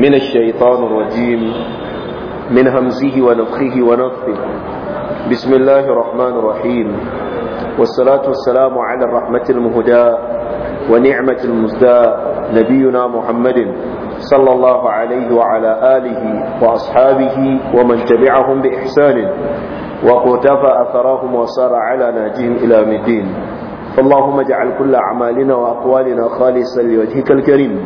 من الشيطان الرجيم من همزه ونفخه ونفخه بسم الله الرحمن الرحيم والصلاة والسلام على الرحمة المهداة ونعمة المزداء نبينا محمد صلى الله عليه وعلى آله وأصحابه ومن تبعهم بإحسان وقتفى أثرهم وصار على ناجهم إلى مدين اللهم اجعل كل أعمالنا وأقوالنا خالصا لوجهك الكريم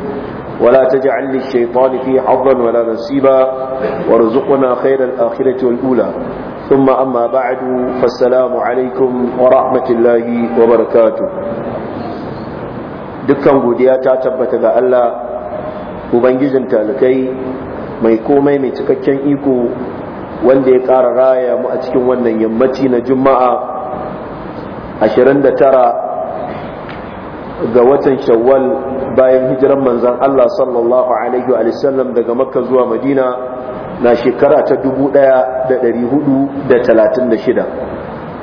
ولا تجعل للشيطان فيه حظا ولا نصيبا وارزقنا خير الآخرة والأولى ثم أما بعد فالسلام عليكم ورحمة الله وبركاته dukkan godiya ta tabbata ga Allah ubangijin talakai mai komai mai cikakken iko wanda ya ƙara raya mu a cikin wannan yammaci na juma'a tara ga watan shawwal bayan hijiran manzan Allah sallallahu alaihi wa sallam daga makka zuwa madina na shekara ta 1436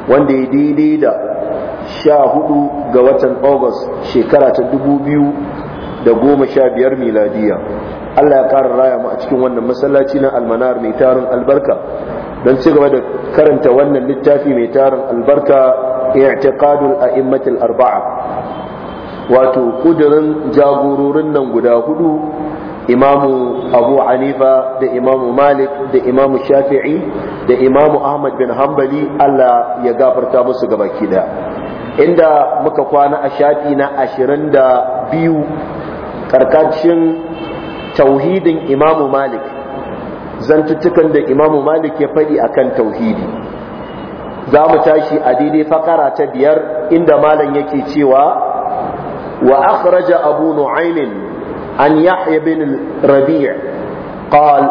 wanda ya daidai da 14 ga watan august shekara ta 2015 miladiya Allah ya ƙara raya mu a cikin wannan masallaci na almanar mai tarin albarka don ci gaba da karanta wannan littafi mai tarin albarka i'tiqadul a'immatul arba'a wato kudirin jagororin nan guda hudu imamu abu hanifa da imamu malik da imamu shafi'i da imamu ahmad bin hanbali allah ya gafarta musu gabaki da. inda muka kwana a shafi na ashirin da biyu karkashin tauhidin imamu malik zantuttukan da imamu malik ya faɗi kan tauhidi za mu tashi a daidai fakara ta biyar inda malam yake cewa وأخرج أبو نعيم عن يحيى بن الربيع قال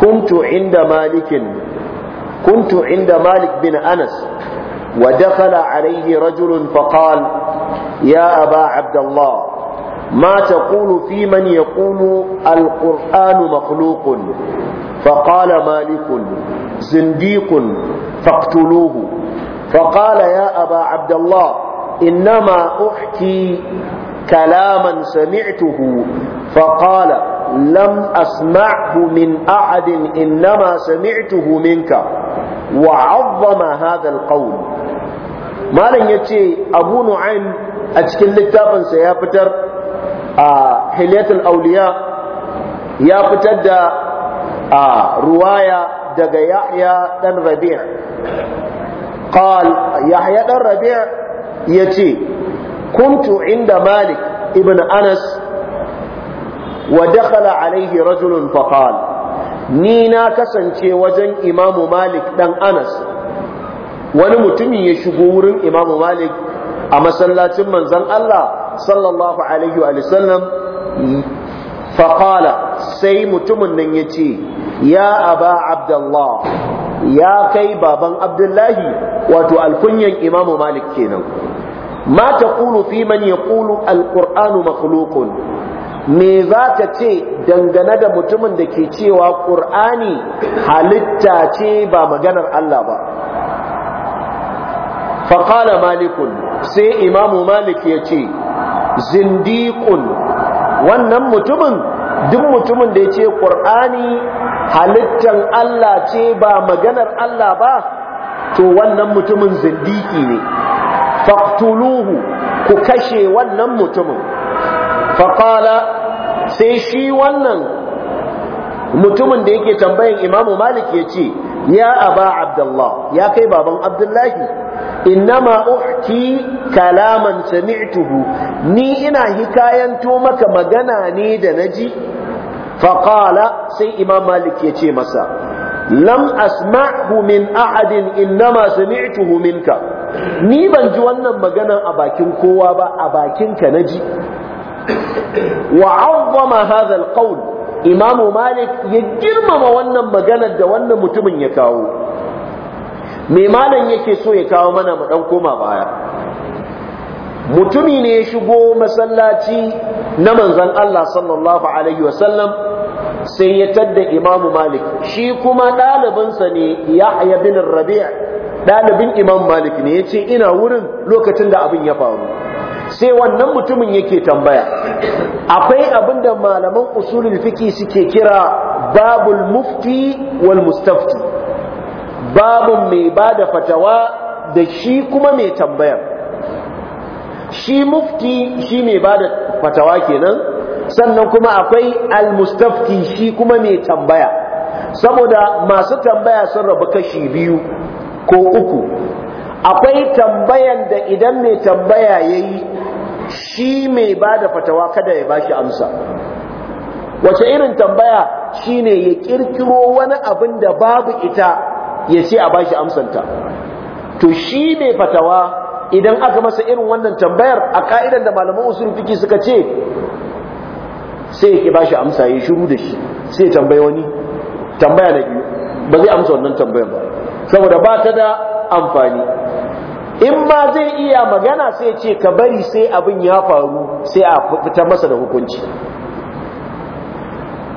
كنت عند مالك كنت عند مالك بن أنس ودخل عليه رجل فقال يا أبا عبد الله ما تقول في من يقول القرآن مخلوق فقال مالك زنديق فاقتلوه فقال يا أبا عبد الله إنما أحكي كلاما سمعته فقال لم أسمعه من أحد إنما سمعته منك وعظم هذا القول ما لن يتي أبو نعيم أتكل لتابا سيابتر آه حلية الأولياء يابتر آه رواية دقى يحيى بن ربيع قال يحيى بن ربيع ya ce kuntu inda malik ibn anas wa dakhala alaihi rajulun faqal ni na kasance wajen imamu malik dan anas wani mutumin ya shigo wurin imamu malik a masallacin manzon Allah sallallahu alaihi wa sallam faqala sai mutumin nan ya ce ya aba abdallah ya kai baban abdullahi wato alkunyan imamu malik kenan ma Kulu fi man kulu alkur'anu makulukun me za ta ce dangane da mutumin da ke cewa ƙur'ani halitta ce ba maganar Allah ba faƙala malikun sai imamu malik ya ce zindiƙun wannan mutumin duk mutumin da ya ce ƙur'ani halittan Allah ce ba maganar Allah ba to wannan mutumin zindiki ne faqtuluhu ku kashe wannan mutumin Faƙala sai shi wannan mutumin da yake tambayan imamu malik ya ce ya aba abdullah ya kai baban abdullahi inna uhki kalaman sami'tuhu ni ina hikayanto maka magana ne da naji faƙala sai imam malik ya ce masa lam asma'hu min ahadin innama sami'tuhu minka ni ban ji wannan magana a bakin kowa ba a bakinka naji wa 'azzama hadha al-qawl imamu malik ya girmama wannan maganar da wannan mutumin ya kawo me malam yake so ya kawo mana mu ɗan koma baya mutumi ne ya shigo masallaci na manzon Allah sallallahu alaihi wasallam sai ya tadda Imam Malik shi kuma ɗalibinsa ne Yahya bin Rabi' ɗalibin Imam Malik ne yace ina wurin lokacin da abin ya faru sai wannan mutumin yake tambaya akwai abin da malaman usulul fiki suke kira babul mufti wal mustafti babun mai bada fatawa da shi kuma mai tambayar shi mufti shi mai ba da fatawa kenan sannan kuma akwai almustafti shi kuma mai tambaya saboda masu tambaya sun rabu kashi biyu ko uku akwai tambayan da idan mai tambaya ya yi shi mai ba da fatawa kada ya bashi amsa wace irin tambaya shi ne ya kirkiro wani abin da babu ita ya ce a bashi amsanta to shi mai fatawa idan aka masa irin wannan tambayar a ka'idan da malaman usul fiki suka ce sai yake bashi amsa ya shiru da shi sai tambaye wani tambaya na biyu ba zai amsa wannan tambayar ba saboda ba ta da amfani in ma zai iya magana sai ce ka bari sai abin ya faru sai a fita masa da hukunci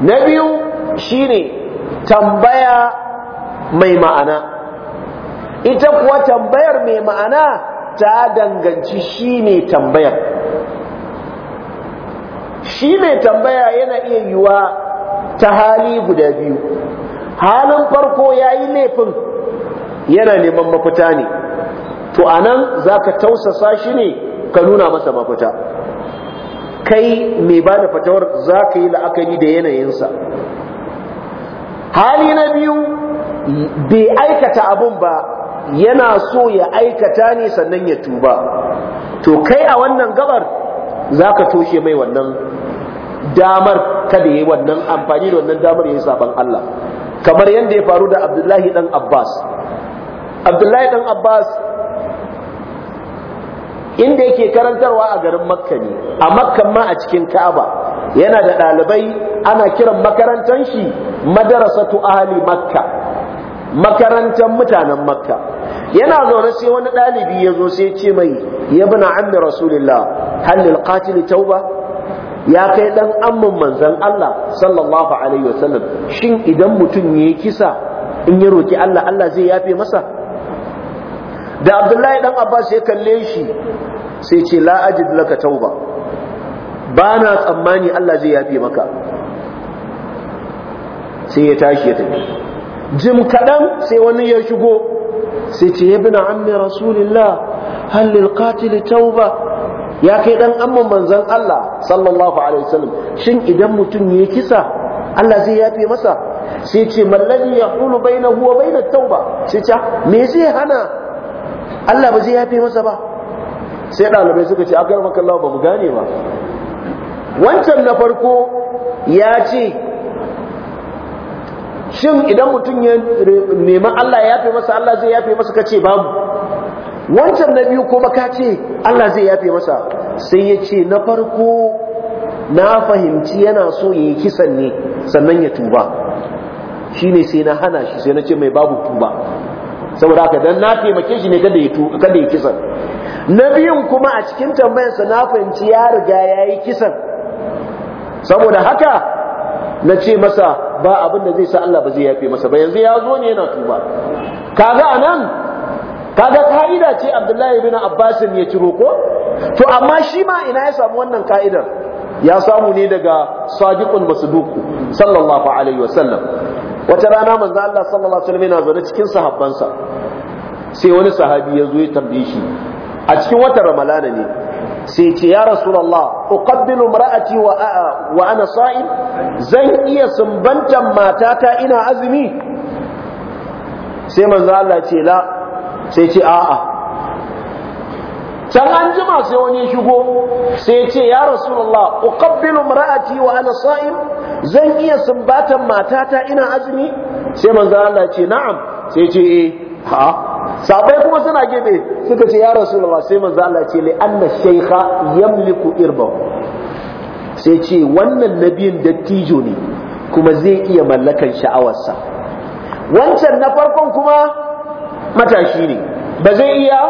na biyu shine tambaya mai ma'ana ita kuwa tambayar mai ma'ana ta danganci shi ne tambayar shi ne tambaya yana iya yiwa ta hali guda biyu halin farko ya yi laifin yana neman mafita ne to a nan za ka tausasa shi ne ka nuna masa mafita kai mai ba da fatawar za ka yi la'akari da yanayinsa hali na biyu bai aikata abun ba yana so ya aikata ne sannan ya tuba to kai a wannan gabar za ka toshe mai wannan damar kada ya yi wannan amfani da wannan damar ya yi saban Allah kamar yadda ya faru da abdullahi ɗan abbas abdullahi ɗan abbas inda yake karantarwa a garin makka ne a makkan ma a cikin ka'aba yana da ɗalibai ana kiran makarantar shi madarasatu ahli makka makarantar mutanen makka yana zaune sai wani ɗalibi ya zo sai ce mai ya bi na ammi rasulillah halil qatil tauba ya kai dan amman manzan Allah sallallahu alaihi wasallam shin idan mutum ya yi kisa in ya roki Allah Allah zai yafe masa da Abdullahi dan Abbas ya kalle shi sai ce la ajid laka tauba ba na tsammani Allah zai yafe maka sai ya tashi ya tafi jim kaɗan sai wani ya shigo sai ce ya bina amma rasulillah halil qatil tauba ya kai dan amma manzan Allah sallallahu alaihi wasallam shin idan mutum ya kisa Allah zai yafe masa sai ce ya bai na huwa wa na tauba sai ce me zai hana Allah ba zai yafe masa ba sai ɗalibai suka ce garba makallawa ba mu gane ba wancan na farko ya ce shin idan mutum ya nemi Allah ya yafe masa Allah zai yafe masa kace babu wancan na biyu kuma ka ce Allah zai yafe masa sai ya ce na farko na fahimci yana so ya yi kisan ne sannan ya tuba shi ne sai na hana shi sai na ce mai babu tuba saboda haka dan na taimake shi ne kada kada ya kisan na biyun kuma a cikin tambayarsa na fahimci ya riga ya yi kisan saboda haka na ce masa ba abin da zai sa Allah ba zai yafe masa ba yanzu ya zo ne yana tuba kaga anan kaga ka'ida ce Abdullahi ibn Abbas ya ciro ko to amma shi ma ina ya samu wannan ka'idar ya samu ne daga sadiqun masduq sallallahu alaihi wasallam wata rana manzo Allah sallallahu alaihi wasallam yana zaune cikin sahabbansa sai wani sahabi ya zo ya tambaye shi a cikin watan Ramalana ne sai ya ce ya Rasulullah uqabbilu imra'ati wa wa ana sa'im zan iya sumbantan matata ina azumi sai manzo Allah ce la sai ce a'a can an jima sai wani ya shigo sai ya ce ya rasulullah uqabbilu imra'ati wa ana sa'im zan iya sumbatan matata ina azumi sai manzo Allah ce na'am sai ce eh ha sabai kuma suna gefe suka ce ya rasulullah sai manzo Allah ce li anna shaykha yamliku irbahu sai ce wannan nabiyin dattijo ne kuma zai iya mallakan sha'awarsa wancan na farkon kuma matashi ne ba zai iya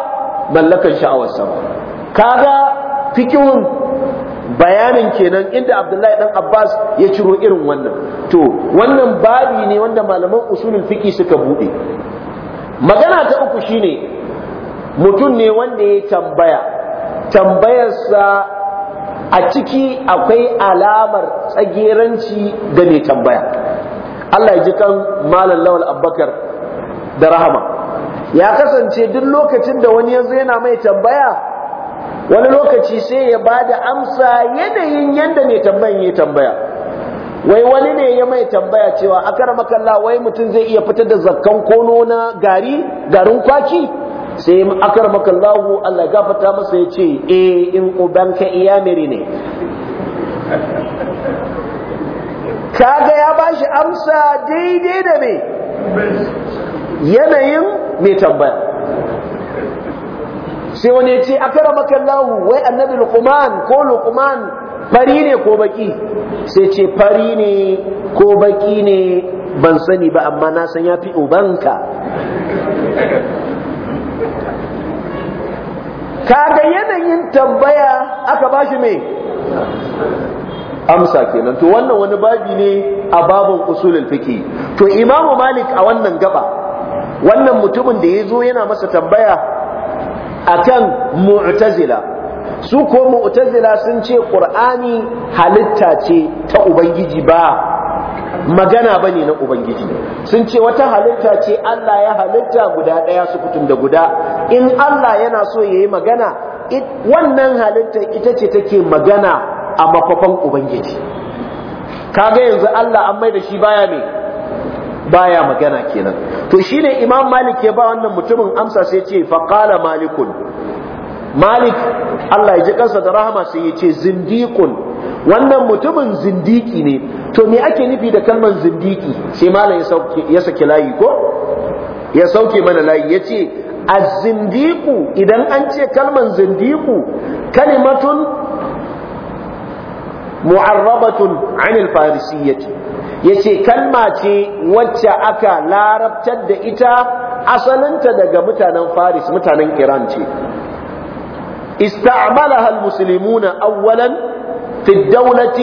mallakan sha'awarsa ba kaga fikihun bayanin kenan inda Abdullahi dan Abbas ya ciro irin wannan to wannan babi ne wanda malaman usulul fiqi suka bude magana ta uku shine mutum ne wanda ya tambaya tambayarsa a ciki akwai alamar tsageranci ga mai tambaya Allah ya ji kan malam lawal abbakar da rahama ya kasance duk lokacin da wani yanzu yana mai tambaya wani lokaci sai ya ba da amsa yanayin yadda mai tambayan ya tambaya wai wani ne ya mai tambaya cewa makalla wai mutum zai iya fitar da zakkan kono na gari garin kwaki sai makallahu Allah gafata masa ya ce e in ubanka iyamiri ne kaga ya bashi amsa daidai da me yanayin mai tambaya sai wani ya ce makallahu wai annabi lukuman ko lukuman fari ne ko baki sai ce fari ne ko baki ne ban sani ba amma na san ya fi ubanka kaga yanayin tambaya aka ba shi mai amsa kenan to wannan wani babi ne a babin usulul fiqi to imamu malik a wannan gaba wannan mutumin da ya zo yana masa tambaya akan mu'tazila su ko mu'tazila sun ce qur'ani halitta ce ta ubangiji ba magana bane na ubangiji sun ce wata halitta ce Allah ya halitta guda daya su kutum da guda in Allah yana so yayi magana wannan halitta ita ce take magana a mafafan ubangiji kaga yanzu Allah an mai da shi baya ne, baya magana kenan to shine imam malik ya ba wannan mutumin amsa sai ce faqala malikun malik Allah ya ji kansa da rahama sai ya ce zindikun, wannan mutumin zindiki ne to me ake nufi da kalmar zindiki sai malam ya sauke ya saki layi ko ya sauke mana layi ya ce az zindiku idan an ce kalmar zindiku kalimatun mu'arrabatun 'anil farisiyyati ce kalma ce wacce aka larabtar da ita asalinta daga mutanen Faris mutanen Iran ce استعملها المسلمون أولا في الدولة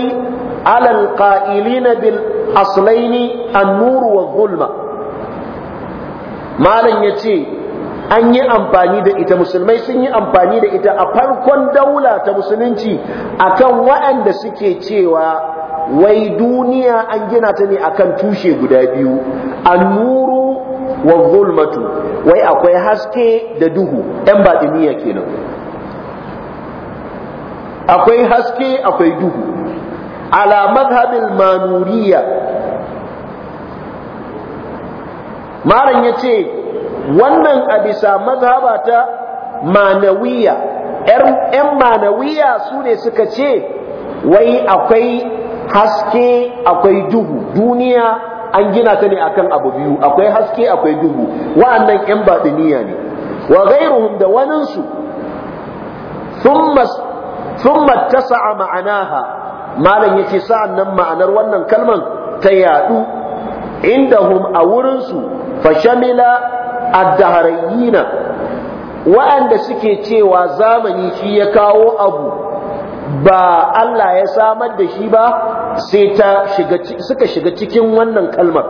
على القائلين بالأصلين النور والظلمة ما لن يتي an yi amfani da ita musulmai sun yi amfani da ita a farkon daula ta musulunci akan waɗanda suke cewa wai duniya an gina ta ne akan tushe guda biyu annuru wa zulmatu wai akwai haske da duhu ɗan baɗiniya kenan akwai haske akwai duhu ala madhhabil manuriya ya ce wannan a bisa mazhaba ta manawiya ‘yan manawiya su ne suka ce wai akwai haske akwai duhu duniya an gina ta ne akan abu biyu akwai haske akwai duhu wa'annan ‘yan baɗiniya ne wa gairuhum da waninsu sun thumma tasa'a ma'anaha malam yace sa'an nan ma'anar wannan kalman ta yadu indahum a wurin su fashamila ad-dahrayina wa'anda suke cewa zamani shi ya kawo abu ba Allah ya samar da shi ba sai ta shiga suka shiga cikin wannan kalmar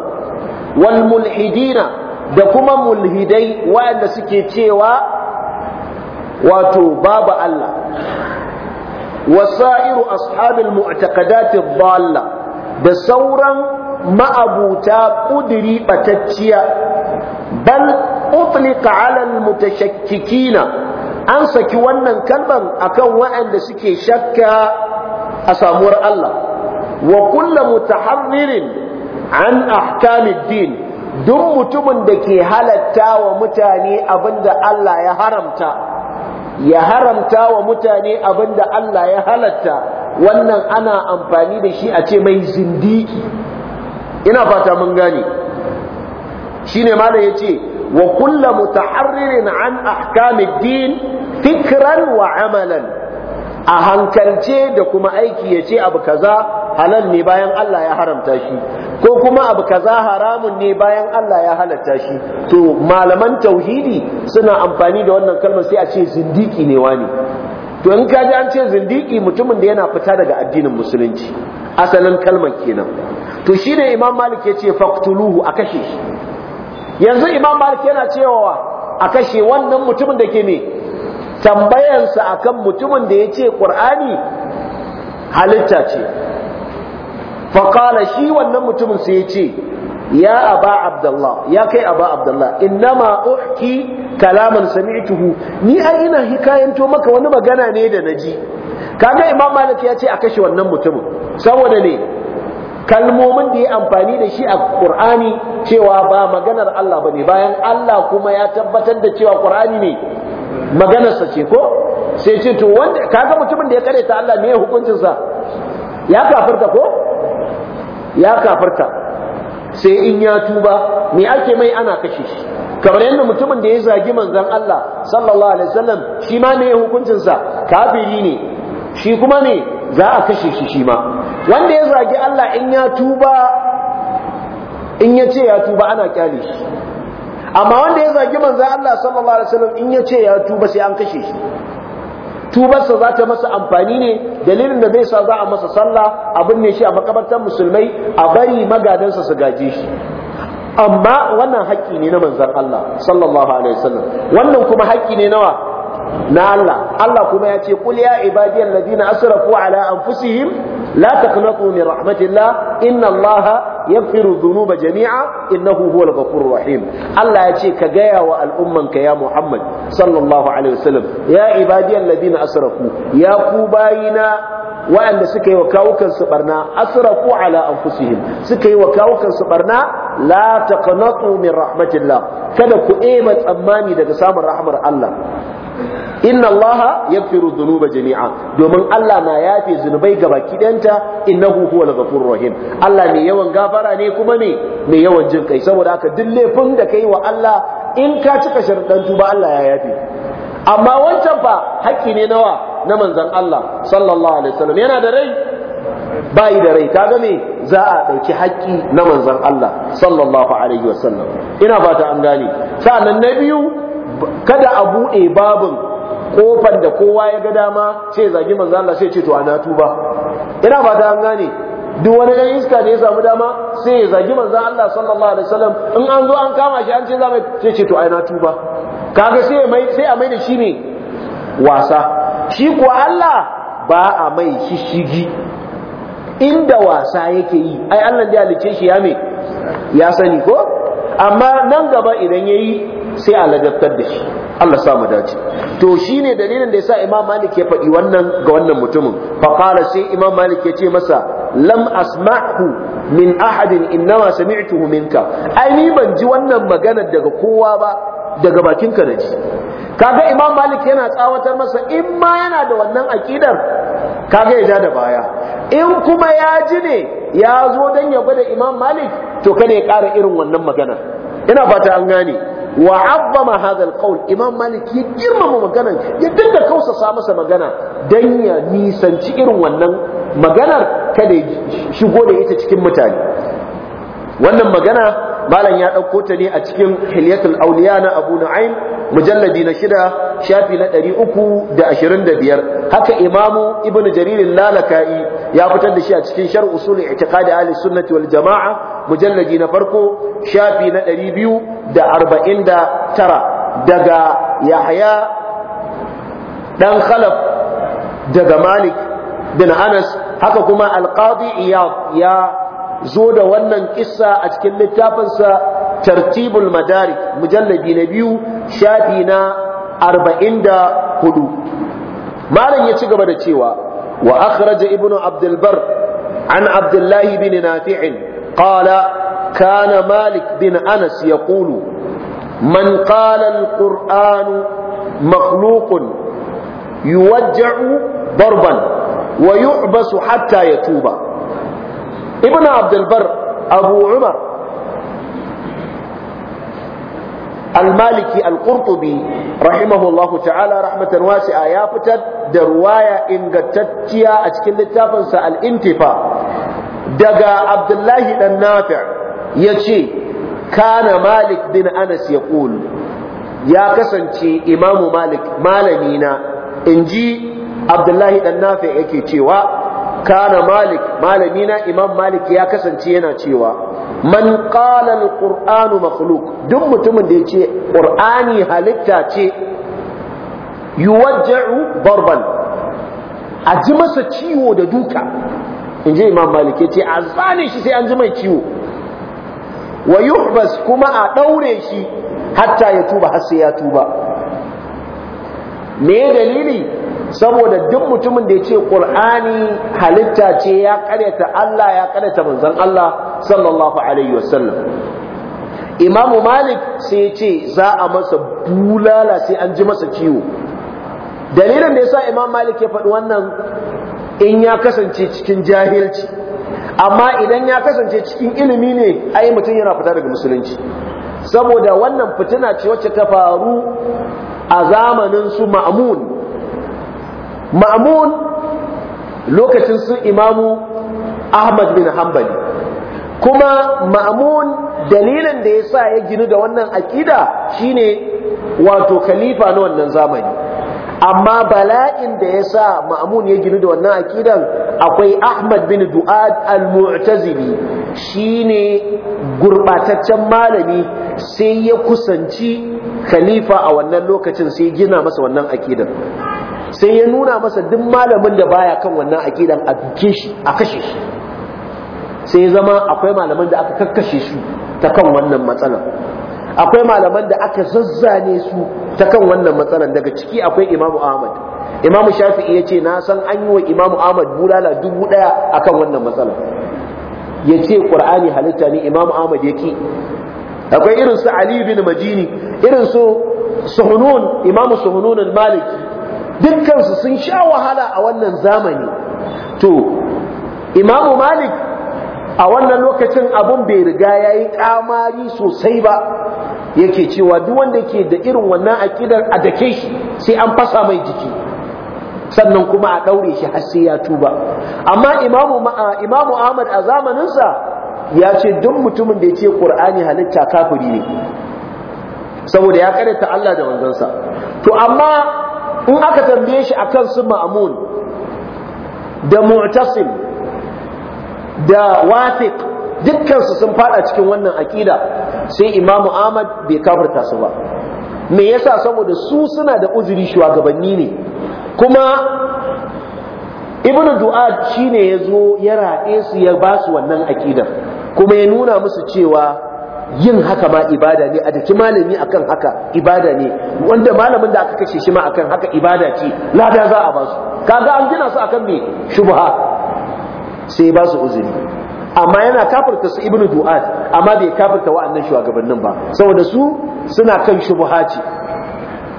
wal mulhidina da kuma mulhidai wa'anda suke cewa wato babu Allah wa sa'iru ashabil mu'taqadat ad da sauran ma'abuta kudiri batacciya bal utliqa 'ala al-mutashakkikina an saki wannan kalban akan waɗanda suke shakka a samuwar Allah wa kullu mutaharririn an ahkamid din duk mutumin da ke halatta wa mutane abinda Allah ya haramta ya haramta wa mutane abinda Allah ya halatta wannan ana amfani da shi a ce mai zindiki ina fata mun gane shine malam yace wa kullu mutaharririn an ahkamiddin fikran wa amalan a hankalce da kuma aiki ya ce abu kaza halal ne bayan Allah ya haramta shi ko kuma abu kaza haramun ne bayan Allah ya halatta shi to malaman tauhidi suna amfani da wannan kalmar sai a ce zindiki ne wani to in kaji an ce zindiki mutumin da yana fita daga addinin musulunci asalin kalmar kenan to shine imam malik ya ce faqtuluhu a kashe shi yanzu imam malik yana cewa a kashe wannan mutumin da ke ne tambayansa akan mutumin da ya ce ƙur'ani halitta ce faƙala shi wannan mutumin sai ya ce ya aba abdullah ya kai aba abdullah ma uhki kalaman sami'tuhu ni ai ina hikayanto maka wani magana ne da naji kaga imam malik ya ce a kashe wannan mutumin saboda ne kalmomin da ya amfani da shi a qur'ani cewa ba maganar Allah bane bayan Allah kuma ya tabbatar da cewa qur'ani ne maganarsa ce ko sai ce to wanda kaga mutumin da ya kare ta Allah me hukuncinsa ya kafirta ko ya kafirta sai in ya tuba me ake mai ana kashe shi kamar yadda mutumin da ya zagi manzon Allah sallallahu alaihi wasallam shi ma me hukuncinsa kafiri ne shi kuma ne za a kashe shi shi ma wanda ya zagi Allah in ya tuba in ya ce ya tuba ana kyale shi amma wanda ya zagi manzan Allah sallallahu alaihi wasallam in ya ce ya tuba sai an kashe shi tubarsa za ta masa amfani ne dalilin da zai sa za a masa sallah abin ne shi a makabartar musulmai a bari magadansa su gaje shi amma wannan haƙƙi ne na manzon Allah sallallahu alaihi wasallam wannan kuma haƙƙi ne nawa na Allah Allah kuma ya ce qul ya ibadiyal ladina asrafu ala anfusihim la taqnatu min rahmatillah inna Allah yaghfiru dhunuba jami'a innahu huwal ghafurur rahim Allah ya ce ka gaya wa al'umman ka ya Muhammad sallallahu alaihi wasallam ya ibadiyal ladina asrafu ya ku bayina waɗanda suka yi wa kawukansu barna asrafu ala anfusihim suka yi wa kawukansu barna la taqnatu min rahmatillah kada ku ema tsammani daga samun rahmar Allah inna allaha yaghfiru dhunuba jami'a domin Allah na yafe zunubai ga baki ɗanta innahu huwal ghafurur rahim Allah mai yawan gafara ne kuma ne mai yawan jin kai saboda haka duk laifin da kai wa Allah in ka cika sharuɗan tuba Allah ya yafe amma wancan fa haƙƙi ne nawa na manzon Allah sallallahu alaihi wasallam yana da rai bayi da rai kaga me za a ɗauki haƙƙi na manzon Allah sallallahu alaihi wasallam ina fata an gane sa'annan na biyu kada a buɗe babin kofan da kowa ya ga dama sai zagi manzo Allah sai ce to ana tuba ina ba ta an gane duk wani dan iska da ya samu dama sai ya zagi manzo Allah sallallahu alaihi wasallam in an zo an kama shi an ce za sai ce to ana tuba kaga sai mai sai a mai da shi ne wasa shi ko Allah ba a mai shishigi inda wasa yake yi ai Allah da ya halice shi ya me ya sani ko amma nan gaba idan yayi sai a ladabtar da shi Allah samu dace to shi ne dalilin da ya sa Imam Malik ya faɗi wannan ga wannan mutumin fa sai Imam Malik ya ce masa lam asma'hu min ahadin innama sami'tuhu minka ai ni ban ji wannan maganar daga kowa ba daga bakinka na ji kaga imam malik yana tsawatar masa in ma yana da wannan aƙidar kaga ya ja da baya in kuma ya ji ne ya zo don ya gwada imam malik to kada ya ƙara irin wannan magana ina fata an gane wa azzama hadha alqawl imam malik ya girmama maganar ya dinga kausasa masa magana dan ya nisanci irin wannan maganar kada ya shigo da ita cikin mutane wannan magana malam ya ɗauko ta ne a cikin hilyatul auliya na abu na'im mujalladi na shida shafi na ɗari uku da ashirin da biyar haka imamu ibn jaririn lalaka'i ya fitar da shi a cikin shar usul itikadi ahli sunnati wal jama'a mujalladi na farko shafi na ɗari biyu da arba'in da tara daga yahya dan khalaf daga malik bin anas haka kuma alqadi iyad ya zo da wannan kissa a cikin littafinsa tartibul madarik mujallabi na biyu shafi na arba'in da hudu malam ya ci gaba da cewa wa akhraja ibnu abdulbar an abdullahi bin nafi'in qala kana malik bin anas yaqulu man qala al-qur'anu makhluqun yuwajja'u barban, wa yu'basu hatta tuba. ibn abdulbar abu umar al-maliki al-qurtubi rahimahullahu ta'ala rahmatan wasi'a ya fitar da ruwaya ingantacciya a cikin littafinsa al-intifa daga abdullahi dan nafi' yace kana malik bin anas ya yaqul ya kasance imamu malik malami na inji abdullahi dan nafi' yake cewa kana malik malami imam malik ya kasance yana cewa man qala alquran makhluq duk mutumin da yace qur'ani halitta ce yuwajja'u darban a ji masa ciwo da duka in ji imam malik yace a zane shi sai an ji mai ciwo wa yuhbas kuma a daure shi hatta ya tuba har sai ya tuba me dalili saboda duk mutumin da ya ce ƙur'ani halitta ce ya karyata Allah ya karyata manzon Allah sallallahu alaihi wasallam imamu malik sai ya ce za a masa bulala sai an ji masa ciwo dalilin da yasa imam malik ya faɗi wannan in ya kasance cikin jahilci amma idan ya kasance cikin ilimi ne ai mutum yana fita daga musulunci saboda wannan fitina ce wacce ta faru a zamanin su ma'mun ma'amun lokacin su imamu ahmad bin hanbali kuma ma'amun dalilin da ya sa ya ginu da wannan aƙida shine wato kalifa na wannan zamani amma bala'in da ya sa ma'amun ya ginu da wannan aƙidan akwai ahmad bin du'ad al-mu'tazili shine gurbataccen malami sai ya kusanci khalifa a wannan lokacin sai gina masa wannan aƙidan sai ya nuna masa duk malamin da baya kan wannan aqidan a duke shi a kashe shi sai ya zama akwai malaman da aka kakkashe su ta kan wannan matsalan akwai malaman da aka zazzane su ta kan wannan matsalar daga ciki akwai imamu ahmad imamu shafi'i ya ce na san an yi wa imamu ahmad bulala dubu ɗaya akan wannan matsalar ya ce ƙur'ani halitta ne imamu ahmad ya ki akwai irin su ali bin majini irin su suhunun imamu suhunun maliki dukkansu sun sha wahala a wannan zamani to imamu malik a wannan lokacin abun bai riga ya yi kamari sosai ba yake cewa duk wanda ke da irin wannan aƙidar a dake shi sai an fasa mai jiki sannan kuma a ɗaure shi har sai ya tuba amma imamu ahmad a zamaninsa ya ce duk mutumin da ya ce ƙur'ani halitta kafiri ne saboda ya karanta Allah da wanzansa to amma in aka tambaye shi a kan su ma'amun da mu'tasim da wafiq dukkansu sun fada cikin wannan aƙida sai imamu ahmad bai kafirta su ba me yasa saboda su suna da uzuri shugabanni ne kuma ibnu du'ad shine ya zo ya raɗe su ya ba su wannan aƙidar kuma ya nuna musu cewa yin haka ma ibada ne a daki malami akan haka ibada ne wanda malamin da aka kashe shi ma akan haka ibada ce lada za a basu kaga an gina su akan me shubha sai ba su uzuri amma yana kafirta su ibnu du'at amma bai kafirta wa'annan shugabannin ba saboda su suna kan shubha ce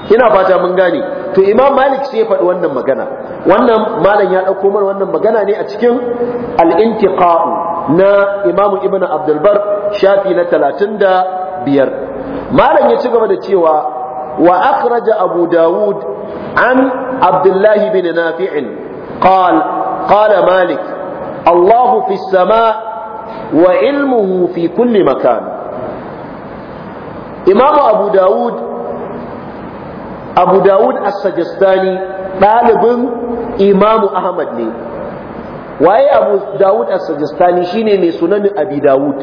ina fata mun gane to imam malik sai ya faɗi wannan magana wannan malam ya ɗauko mana wannan magana ne a cikin al-intiqa'u na imamu ibn abdulbar shafi na talatin da biyar malam ya ci gaba da cewa wa akhraja abu dawud an abdullahi bin nafi'in qal qala malik allahu fi sama wa ilmuhu fi kulli makan imamu abu dawud abu dawud as-sajistani ɗalibin imamu ahmad ne waye abu dawud as-sajistani shine mai sunanin abi dawud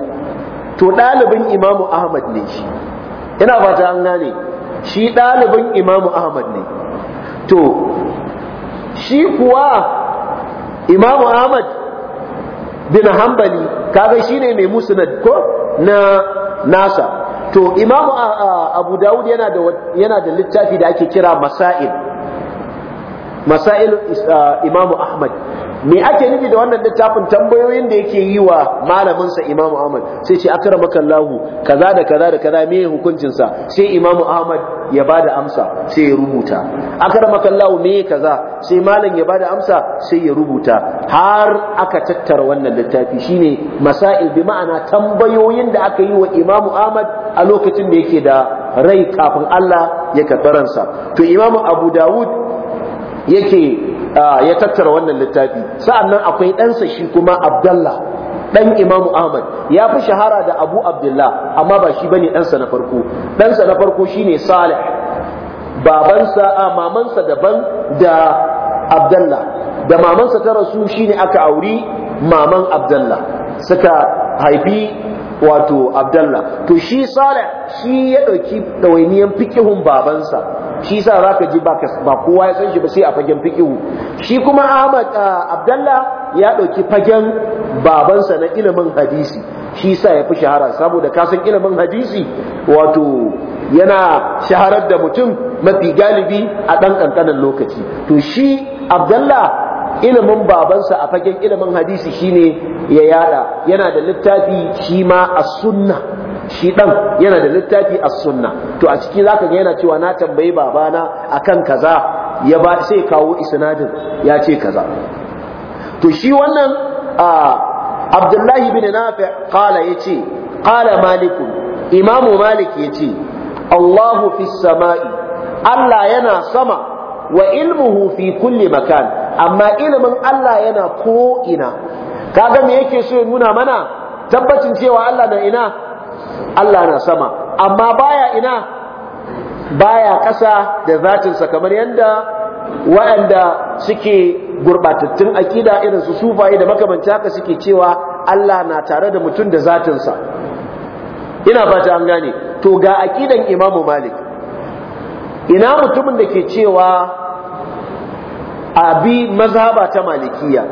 to ɗalibin imamu ahmad ne shi ina fata an gane shi ɗalibin imamu ahmad ne to shi kuwa imamu ahmad bin hanbali kaga shine mai musnad ko na nasa to imamu ah, ah, abu dawud yana da yana da littafi da ake kira masail masailu uh, imamu ahmad me ake nufi da wannan littafin tambayoyin da yake yi wa malamin imamu ahmad sai ce akramaka Allahu kaza da kaza da kaza me hukuncin sa sai imamu ahmad ya bada amsa sai ya rubuta akramaka Allahu me kaza sai malam ya bada amsa sai ya rubuta har aka tattara wannan littafi shine masail bi ma'ana tambayoyin da aka yi wa imamu ahmad a lokacin da yake da rai kafin Allah ya karɓi to imamu abu dawud yake ya tattara wannan littafi sa'annan akwai ɗansa shi kuma abdallah ɗan imamu ahmad ya fi shahara da abu abdullah amma ba shi bane ɗansa na farko ɗansa na farko shine salih babansa a mamansa daban da abdallah da mamansa ta rasu shine aka auri maman abdallah suka haifi wato abdallah to shi salih shi ya ɗauki ɗawainiyar fikihun babansa shi sa za ka ji ba kowa ya san shi ba sai a fagen fikihu shi kuma ahmad ah, abdallah ya ɗauki fagen babansa na ilimin hadisi shi sa ya fi shahara saboda kasan ilimin hadisi wato yana shaharar da mutum mafi galibi a ɗan ƙanƙanin lokaci to shi abdallah ilimin babansa a fagen ilimin hadisi shine ya yada yana da littafi shi ma a sunna shi ɗan yana da littafi a sunna to a ciki zaka ga yana cewa na tambayi babana akan kaza ya ba sai kawo isnadin ya ce kaza to shi wannan Abdullahi bin Nafi' ya yace kala malikun imamu malik yace Allahu fi sama'i Allah yana sama wa ilmuhu fi kulli makan amma ilimin Allah yana ko ina kaga me yake so ya nuna mana tabbacin cewa Allah na ina Allah na sama amma baya ina baya ƙasa da zatinsa kamar yadda waɗanda suke gurɓatattun aƙida irin su sufaye da makamanci haka suke cewa Allah na tare da mutum da zatinsa ina fata an gane to ga aƙidan imamu malik ina mutumin da ke cewa Abi bi mazhaba ta malikiya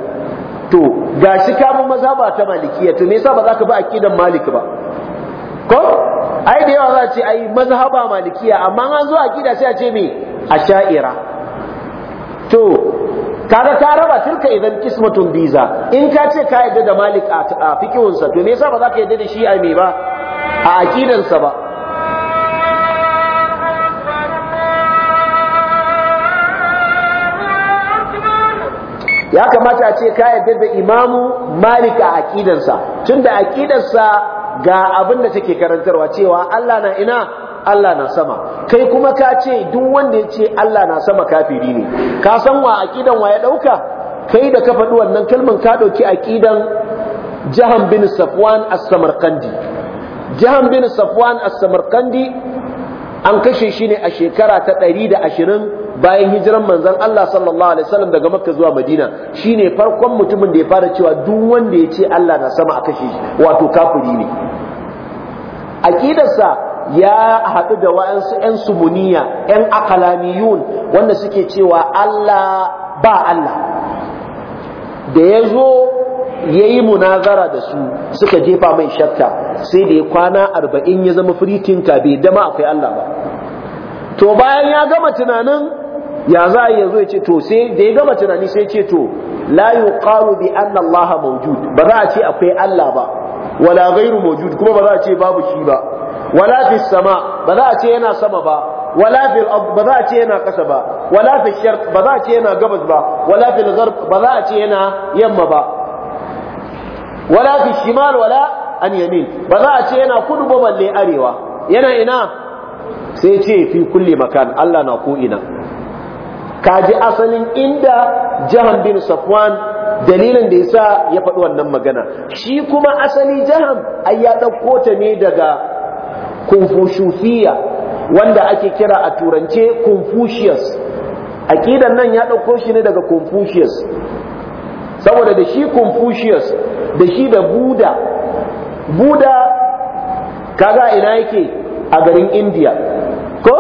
to gashi ka bi mazhaba ta malikiya to me yasa ba za ka bi aqidan malik ba ko ai da yawa za ce ai mazhaba malikiya amma an zo aqida sai a ce me asha'ira to kaga ka raba tilka idan kismatun biza in ka ce ka yadda da malik a fikihunsa to me yasa ba za ka yadda da shi a me ba a sa ba ya kamata a ce ka yarda da imamu malik a aqidansa tunda aqidarsa ga abin da take karantarwa cewa Allah na ina Allah na sama kai kuma ka ce duk wanda ya ce Allah na sama kafiri ne ka san wa aqidan wa ya dauka kai da ka faɗi wannan kalman ka dauki aqidan Jahan bin Safwan as-Samarkandi Jahan bin Safwan as-Samarkandi an kashe shi ne a shekara ta 120 bayan hijiran manzan Allah sallallahu alaihi wasallam daga Makka zuwa Madina shine farkon mutumin da ya fara cewa duk wanda ya ce Allah na sama a kashe shi wato kafiri ne aqidarsa ya haɗu da wa'ansu 'yan sumuniya 'yan akalamiyun wanda suke cewa Allah ba Allah da ya zo ya yi munazara da su suka jefa mai shakka sai da ya kwana arba'in ya zama firitinka bai dama akwai Allah ba to bayan ya gama tunanin ya za a yanzu ya ce to sai da ya gama tunani sai ce to la ƙaru bi an Allah Maujud ba za a ce akwai Allah ba wala gairu Maujud kuma ba za a ce babu shi ba wala fi sama ba za a ce yana sama ba wala fi ba za a ce yana ƙasa ba wala fi sharq ba za a ce yana gabas ba wala fi gharb ba za a ce yana yamma ba wala fi shimal wala an yamin ba za a ce yana kudu ba balle arewa yana ina sai ce fi kulli makan Allah na ko ina kaji asalin inda jahan bin safwan dalilin da yasa ya faɗi wannan magana shi kuma asali jahan ai ya ɗauko ta ne daga confuciusiya wanda ake kira a turance confucius aqidan nan ya ɗauko shi ne daga confucius saboda da shi confucius da shi da buda buda kaga ina yake a garin india ko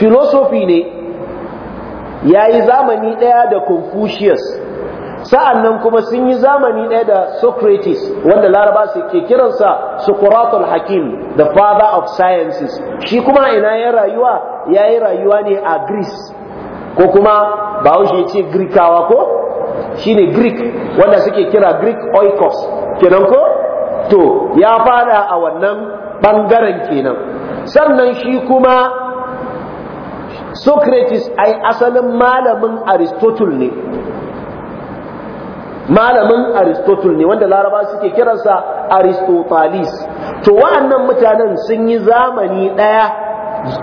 philosophy ne ya yi zamani ɗaya da confucius sa'an nan kuma sun yi zamani ɗaya da socrates wanda laraba su ke kiransa Socrates hakim the father of sciences shi kuma ina ya rayuwa ya yi rayuwa ne a greece ko kuma bahaushe ya ce greekawa ko shi ne greek wanda suke kira greek oikos kenan ko to ya fada a wannan ɓangaren kenan sannan shi kuma socrates ai asalin malamin aristotle ne malamin aristotle ne wanda laraba suke kiransa aristotelis to wa'annan mutanen sun yi zamani ɗaya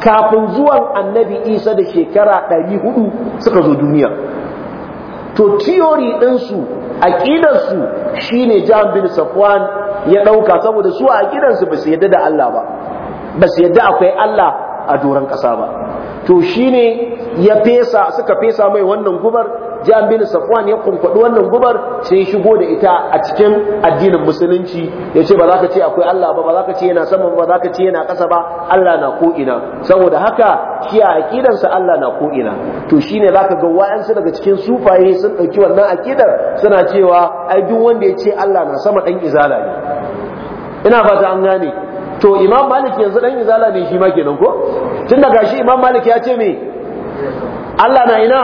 kafin zuwan annabi isa da shekara ɗari 400 suka zo duniya to tiyori ɗinsu aƙidarsu shine Jan bin safwan ya ɗauka saboda su a aƙidarsu ba su yadda da allah ba ba su yadda akwai allah a doron ƙasa ba to shi ne ya fesa suka fesa mai wannan gubar Jihar bin Safwan ya kunkwadi wannan gubar sai ya shigo da ita a cikin addinin musulunci ya ce ba za ka ce akwai Allah ba ba za ka ce yana sama ba za ka ce yana ƙasa ba Allah na ko'ina saboda haka shi a aƙidansa Allah na ko'ina. To shi ne za ka ga wa'ansu daga cikin sufaye sun ɗauki wannan aƙidar suna cewa ai duk wanda ya ce Allah na sama ɗan izala ne ina fata an gane to imam malik yanzu dan izala ne shi ma kenan ko tunda gashi imam malik ya ce me Allah na ina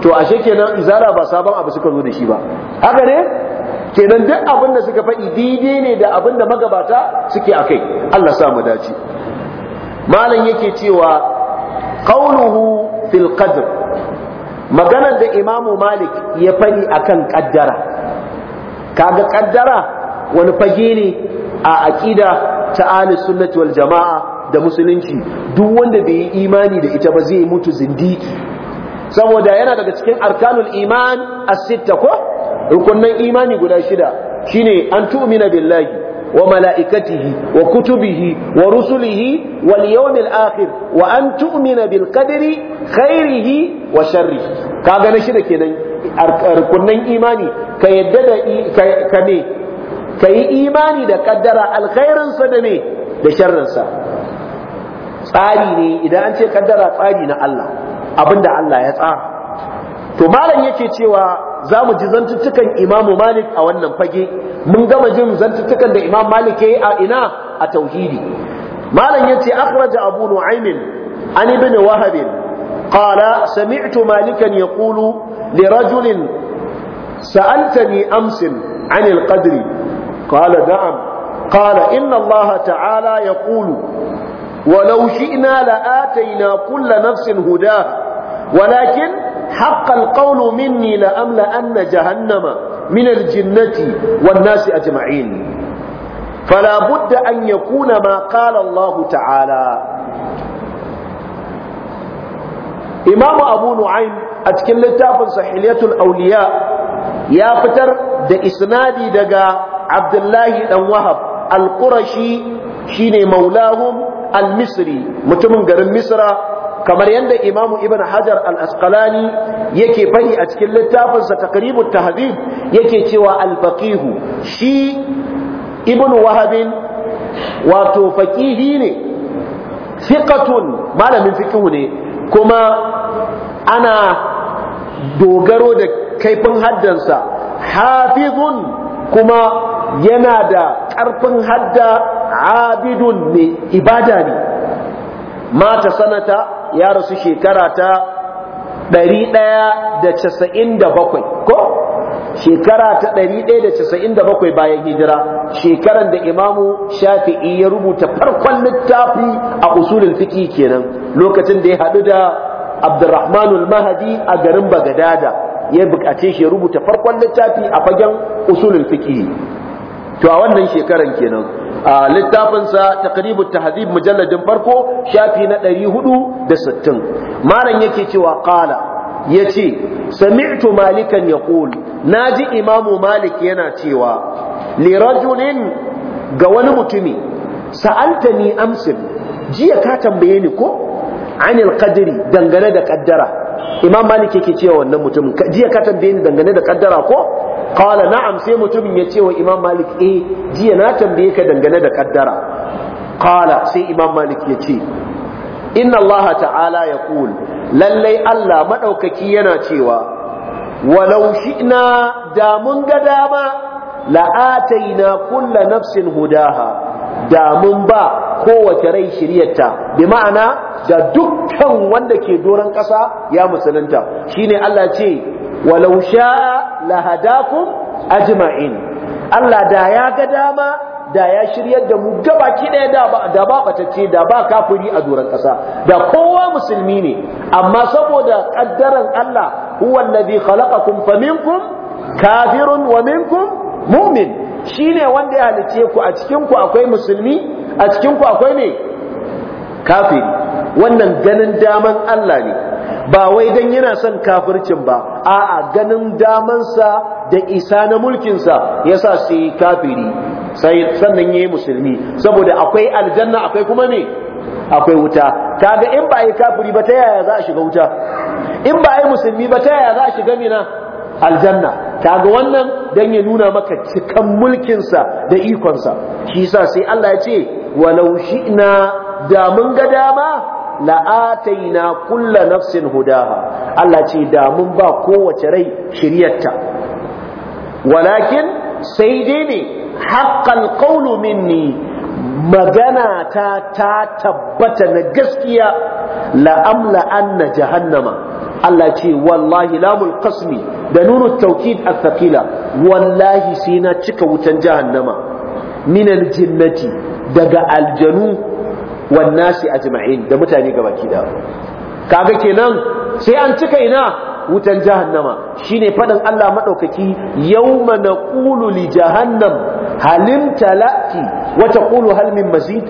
to ashe kenan izala ba sabon abu suka zo da shi ba haka ne kenan duk abin da suka faɗi daidai ne da abin da magabata suke akai Allah sa mu dace malam yake cewa qauluhu fil qadr maganar da imamu malik ya faɗi akan kaddara kaga kaddara wani fage ne a aƙida ta ahlus sunnati wal jama'a da musulunci duk wanda bai yi imani da ita ba zai mutu zindiki saboda yana daga cikin arkanul iman as-sitta ko Rukunin imani guda shida shine an tu'mina billahi wa malaikatihi wa kutubihi wa rusulihi wal yawmil akhir wa an tu'mina bil qadri khairihi wa sharri kaga na shida kenan Rukunin imani ka yadda da ka ne ka yi imani da kaddara alkhairinsa da me da sharrinsa tsari ne idan an ce kaddara tsari na Allah abinda Allah ya tsara to malam yake cewa za mu ji zantuttukan imamu malik a wannan fage mun gama jin zantuttukan da imam malik ya yi a ina a tauhidi malam ya ce akhraja abu nu'aymin an ibn wahab qala sami'tu malikan yaqulu li rajulin sa'altani amsin 'an قال نعم قال إن الله تعالى يقول ولو شئنا لآتينا كل نفس هداها ولكن حق القول مني لأملأن جهنم من الجنة والناس أجمعين فلا بد أن يكون ما قال الله تعالى إمام أبو نعيم أتكلم تافن صحيلية الأولياء يا فتر da isnadi daga abdullahi dan wahab al-qurashi shine maulahum al-misri mutumin garin misra kamar yadda imamu ibn hajar al-asqalani yake fari a cikin littafinsa taqribut tahdhib yake cewa al-faqih shi ibn wahabin wato faqihi ne thiqatun malamin fiqhu ne kuma ana dogaro da kaifin haddansa hafizun kuma yana da ƙarfin hadda abidun ne ibada ne mata sanata ya rasu shekara ta 197 ko shekara ta 197 bayan hijira shekaran da imamu shafi'i ya rubuta farkon littafi a usulul fiqi kenan lokacin da ya hadu da abdurrahman al a garin bagadada ya bukace shi ya rubuta farkon littafi a fagen usulul fiqi to a wannan shekaran kenan a littafinsa taqribu tahdhib mujalladin farko shafi na 460 malam yake cewa qala yace sami'tu malikan yaqul naji imamu malik yana cewa li rajulin ga wani mutumi sa'altani amsin jiya ka tambaye ni ko anil qadri dangane da qaddara imam malik yake cewa wannan mutumin jiya ka tambaye ni dangane da ƙaddara ko qala na'am sai mutumin ya ce wa imam malik eh jiya na tambaye ka dangane da kaddara qala sai imam malik ya ce inna allaha ta'ala yaqul lallai allah maɗaukaki yana cewa walau shi'na da mun ga dama na kulla nafsin hudaha da mun ba kowace rai shiryarta bi ma'ana da dukkan wanda ke doron ƙasa ya musulunta shine Allah ce walau sha'a lahadakum ajma'in Allah da ya ga dama da ya shiryar da mu gabaki ɗaya da ba da ba batacce da ba kafiri a doron ƙasa da kowa musulmi ne amma saboda ƙaddaran Allah huwa alladhi khalaqakum faminkum kafirun wa minkum mu'min shine wanda ya halice ku a cikin ku akwai musulmi a cikin ku akwai ne kafiri wannan ganin daman Allah ne ba wai dan yana son kafircin ba a'a ganin damansa da isa na mulkinsa yasa sai kafiri sai sannan yayi musulmi saboda akwai aljanna akwai kuma ne akwai wuta kaga in ba yi kafiri ba ta yaya za a shiga wuta in ba yi musulmi ba ta yaya za a shiga mina aljanna kaga wannan dan ya nuna maka cikan mulkinsa da ikonsa shi yasa sai Allah ya ce walau shi'na da mun ga dama la'ataina kulla nafsin hudaha Allah ce da mun ba kowace rai shiryarta walakin sai dai ne haqqal qawlu minni magana ta ta tabbata na gaskiya la'am anna jahannama Allah ce wallahi lamul qasmi da nunu tawkid al-thaqila wallahi sai na cika wutan jahannama min al-jinnati daga aljanu wan a ajma'in da mutane baki da kaga kenan sai an cika ina wutan jahannama shine fadin Allah madaukaki yawma naqulu li jahannam halim talati wa taqulu hal min mazid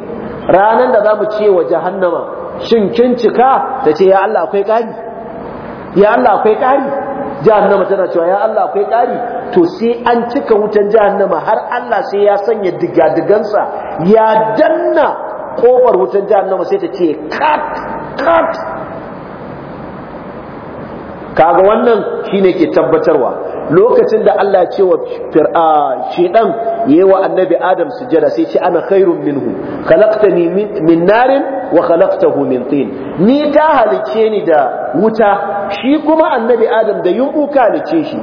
ranan da zamu ce wa jahannama shin kin cika tace ya Allah akwai kari ya Allah akwai kari jahannama tana cewa ya Allah akwai kari to sai an cika wutan jahannama har Allah sai ya sanya digadigansa ya danna kofar wutan jahannama sai ta ce kat kat kaga wannan shine ke tabbatarwa lokacin da Allah ya ce wa fir'a shedan yayi wa annabi adam sujada sai ce ana khairun minhu khalaqtani min narin wa khalaqtahu min tin ni ta halice ni da wuta shi kuma annabi adam da yumbu ka halice shi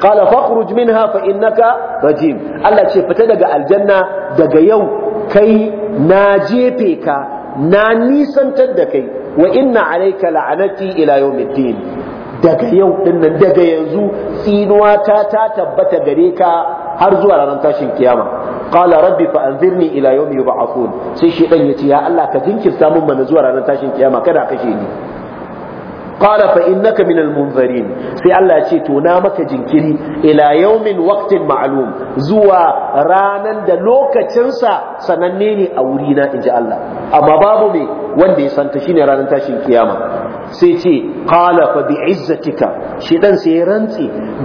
qala fakhruj minha fa innaka rajim Allah ce fita daga aljanna daga yau kai na jefe ka na nisantar da kai wa inna alaika la'anati ila yawmiddin daga yau dinnan daga yanzu tsinuwa ta ta tabbata gare ka har zuwa ranar tashin kiyama qala rabbi fa anzirni ila yawmi yub'athun sai shi dan yace ya Allah ka jinkirta mun mana zuwa ranar tashin kiyama kada kashe ni qala fa innaka minal munzarin sai Allah ya ce to na maka jinkiri ila yaumin waqtin ma'lum zuwa ranan da lokacinsa sananne ne a wuri na inji Allah amma babu me wanda ya santa shine ranar tashin kiyama sai ce qala fa bi shi dan sai ya rantse.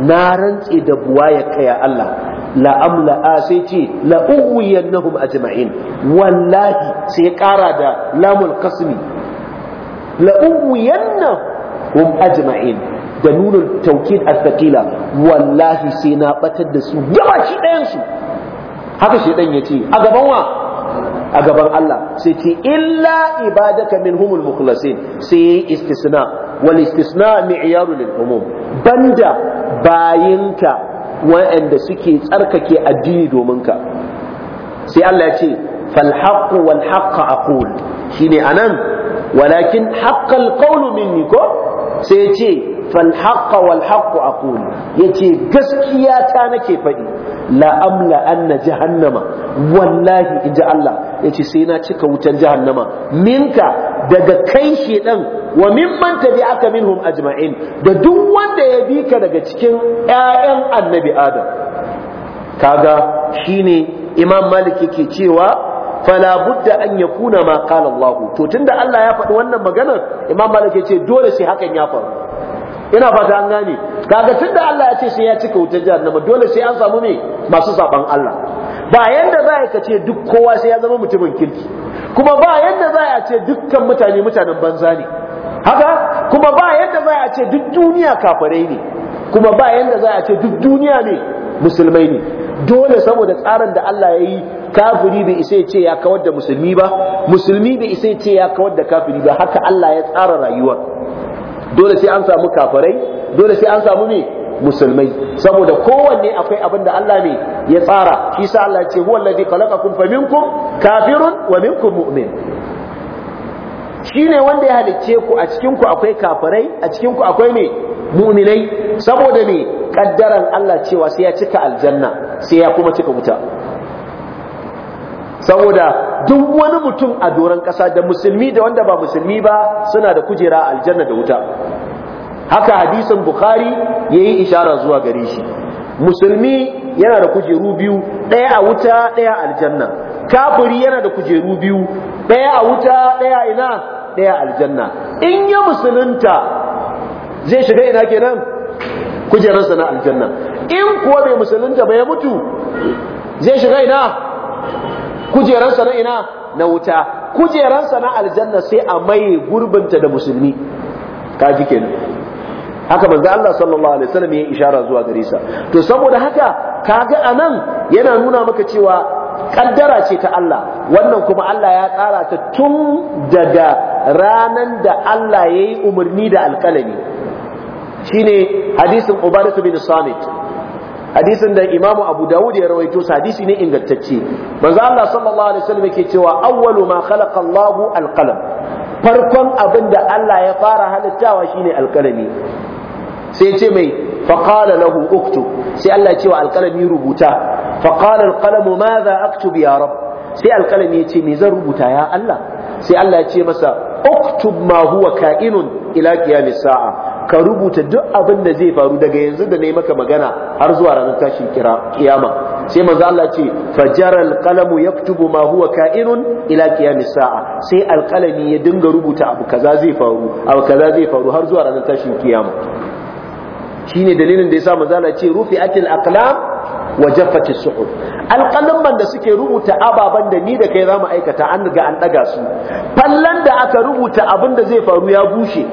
na rantsi da buwaya kaya Allah la amla a sai ce la uwiyannahum ajma'in wallahi sai ya kara da lamul qasmi la uwiyanna hum ajma'in da nunul tawkid as-thaqila wallahi sai na batar da su shi ɗayan su haka shedan yace a gaban wa a gaban Allah sai ce illa ibadaka minhumul mukhlasin sai istisna wal istisna mi'yaru lil umum banda bayinka wa'anda suke tsarkake addini domin ka sai Allah ya ce fal haqqu wal haqqa aqul shine anan walakin haqqal qawlu minni ko sai ce fal haqqa wal haqqu aqul yace gaskiya ta nake faɗi la amla anna jahannama wallahi inji Allah yace sai na cika wutar jahannama minka daga kai ɗan wa mimman tabi'aka minhum ajma'in da duk wanda ya bi ka daga cikin ƴaƴan annabi adam kaga shine imam malik yake cewa fala budda an yakuna ma qala Allah to tunda Allah ya faɗi wannan maganar Imam Malik yace ce dole sai hakan ya faru ina fata an gane kaga tunda Allah ya ce sai ya cika wutar jahannama dole sai an samu ne masu saban Allah ba yanda za ka ce duk kowa sai ya zama mutumin kirki kuma ba yanda za a ce dukkan mutane mutanen banza ne haka kuma ba yanda za a ce duk duniya kafirai ne kuma ba yanda za a ce duk duniya ne musulmai ne dole saboda tsarin da Allah ya yi kafiri bai isa ya ce ya kawar da musulmi ba musulmi bai isa ya ce ya kawar da kafiri ba haka Allah ya tsara rayuwar dole sai an samu kafirai dole sai an samu ne musulmai saboda kowanne akwai abin da Allah ne ya tsara shi sa Allah ce huwa allazi khalaqakum faminkum kafirun wa minkum mu'min shine wanda ya halicce ku a cikin ku akwai kafirai a cikin ku akwai me mu'minai saboda me kaddaran Allah cewa sai ya cika aljanna sai ya kuma cika wuta saboda duk wani mutum a doron ƙasa da musulmi da wanda ba musulmi ba suna da kujera aljanna da wuta haka hadisin bukhari yayi ishara zuwa gare shi musulmi yana da kujeru biyu ɗaya a wuta ɗaya aljanna kafiri yana da kujeru biyu ɗaya a wuta ɗaya ina ɗaya aljanna in ya musulunta zai shiga ina kenan kujerarsa na aljanna in kuwa bai musulunta ba ya mutu zai shiga ina kujeransa na ina na wuta kujeransa na aljanna sai a mai gurbinta da musulmi kaji kenan haka manzo Allah sallallahu alaihi wasallam ya ishara zuwa gare sa to saboda haka kaga anan yana nuna maka cewa kaddara ce ta Allah wannan kuma Allah ya tsara ta tun daga ranan da Allah ya yi umarni da alƙalami shine hadisin Ubadah bin Samit hadisin da imamu abu dawud ya rawaito sa hadisi ne ingantacce manzo Allah sallallahu alaihi wasallam yake cewa awwalu ma khalaqa Allahu alqalam farkon abin da Allah ya fara halittawa shine alkalami sai ce mai faqala lahu uktub sai Allah ya ce wa alkalami rubuta faqala alqalamu madha aktub ya rab sai alkalami ya ce me zan rubuta ya Allah sai Allah ya ce masa uktub ma huwa ka'inun ila qiyamis sa'a ka rubuta duk abin da zai faru daga yanzu da yi maka magana har zuwa ranar tashin kiyama sai manzo Allah ce fajar alqalamu yaktubu ma huwa ka'inun ila qiyamis sa'a sai alqalami ya dinga rubuta abu kaza zai faru abu kaza zai faru har zuwa ranar tashin kiyama shine dalilin da yasa manzo Allah ce rufi'atil aqlam wa jaffati suhuf alqalamman da suke rubuta ababan da ni da kai zamu aikata an ga an daga su fallan da aka rubuta abin da zai faru ya bushe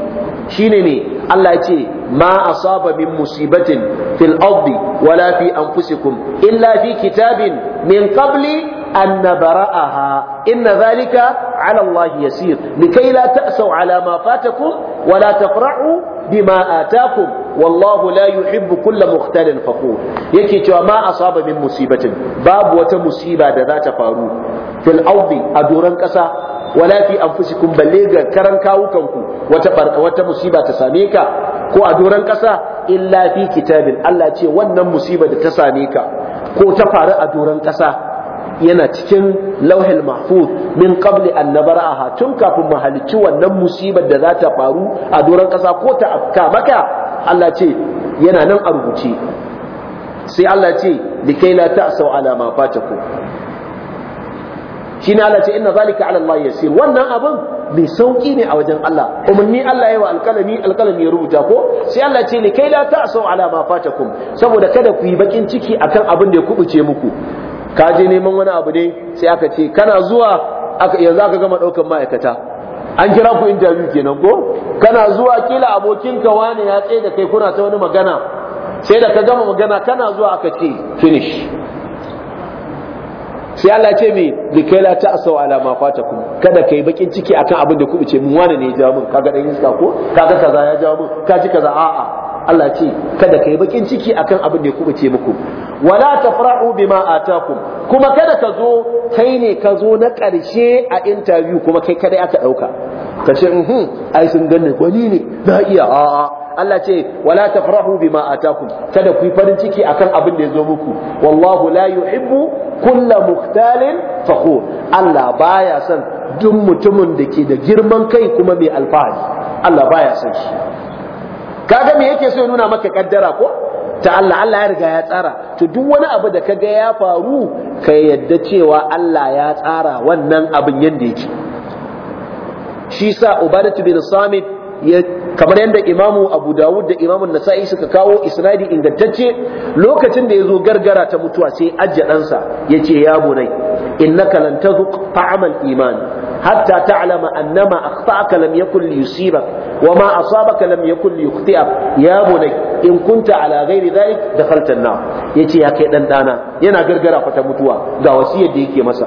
shine ne Allah ya ce ma asaba min musibatin fil ardi wala fi anfusikum illa fi kitabin min qabli أن نبرأها إن ذلك على الله يسير لكي لا تأسوا على ما فاتكم ولا تفرحوا بما آتاكم والله لا يحب كل مختال فخور yake cewa ma asaba min musibatin babu wata musiba da za ta faru fil ardi a doran kasa wala fi anfusikum balle ga karan kawukanku wata musiba ta same ka ko a doran ƙasa? In fi kitabin Allah ce wannan musiba da ta same ka ko ta faru a doran ƙasa? yana cikin lauhin mahfuz min qabli an nabara'aha tun kafin mu halicci wannan musibar da za ta faru a doron kasa ko ta afka maka Allah ce yana nan a rubuce sai Allah ce likai la ta'sau ala ma fataku shine Allah ce inna zalika ala Allah yasir wannan abin mai sauki ne a wajen Allah umarni Allah yayi wa alkalami alkalami ya rubuta ko sai Allah ce kai la ta'sau ala ma fatakum saboda kada ku yi bakin ciki akan abin da ya kubuce muku ka je neman wani abu ne sai aka ce kana zuwa yanzu aka gama ɗaukan ma'aikata an kira ku interview kenan ko kana zuwa kila abokinka wani ya tsaye da kai kuna ta wani magana sai da ka gama magana kana zuwa aka ce finish sai Allah ce me likaila ta asau ala ma fatakum kada kai bakin ciki akan abin da ce mun wani ne ya jawo mun kaga dan iska ko kaga kaza ya jawo ka ji kaza a'a Allah ce kada kai bakin ciki akan abin da ya ce muku wala tafra'u bima atakum kuma kada ka zo kai ne ka zo na ƙarshe a interview kuma kai kada aka dauka ka ce mhm ai sun ganne gwani ne na iya a'a Allah ce wala tafra'u bima atakum kada ku yi farin ciki akan abin da ya zo muku wallahu la yuhibbu kulla muktalin fakhur Allah baya son duk mutumin da ke da girman kai kuma mai alfahari Allah baya son shi kaga me yake so ya nuna maka kaddara ko ta Allah Allah ya riga ya tsara to duk wani abu da kaga ya faru ka yadda cewa Allah ya tsara wannan abin yanda yake shi sa ubadatu bin samit kamar yadda imamu abu dawud da imamu nasa'i suka kawo isnadi ingantacce lokacin da ya zo gargara ta mutuwa sai ajja ɗansa ya ce ya bunai innaka lan tazuq ta'amal iman hatta ta'lama annama akhta'aka lam yakun liyusibak wa ma asabaka lam yakun liyukhti'ak ya bunai in kunta ala ghairi dhalik dakhalta an-nar yace ya kai dan dana yana gargara fa ta mutuwa ga wasiyar da yake masa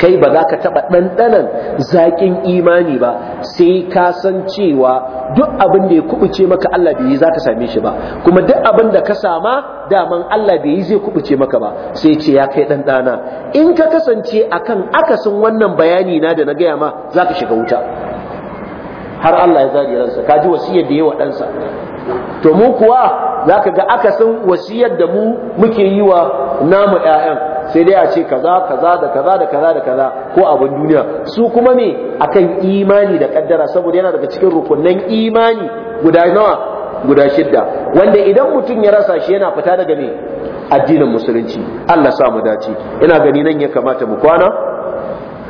kai ba za ka taɓa ɗanɗanan zaƙin imani ba sai ka san cewa duk abin da ya kubuce maka Allah bai yi za ka same shi ba kuma duk abin da ka sama daman Allah bai yi zai kubuce maka ba sai ce ya kai ɗanɗana in ka kasance a kan akasin wannan bayani na da na gaya ma za ka shiga wuta har Allah ya zari ransa ka ji wasiyar da ya wa ɗansa to mu kuwa za ka ga akasin wasiyar da mu muke yi wa namu 'ya'yan sai dai a ce kaza kaza da kaza da kaza da kaza ko abun duniya su kuma me akan imani da kaddara saboda yana daga cikin rukunnan imani guda nawa guda shidda wanda idan mutum ya rasa shi yana fita daga me addinin musulunci Allah sa mu dace ina gani nan ya kamata mu kwana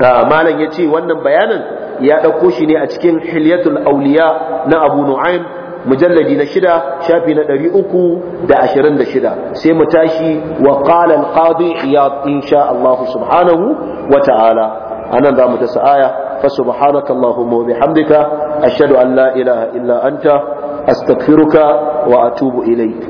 ah, malam ya ce wannan bayanin ya ɗauko shi ne a cikin hilyatul auliya na abu nu'aim mujalladi na shida shafi na ɗari uku da ashirin da shida sai mu tashi wa qala al-qadi iyad insha Allah subhanahu wa ta'ala anan za mu ta sa'aya fa subhanaka allahumma wa bihamdika ashhadu an la ilaha illa anta astaghfiruka wa atubu ilayk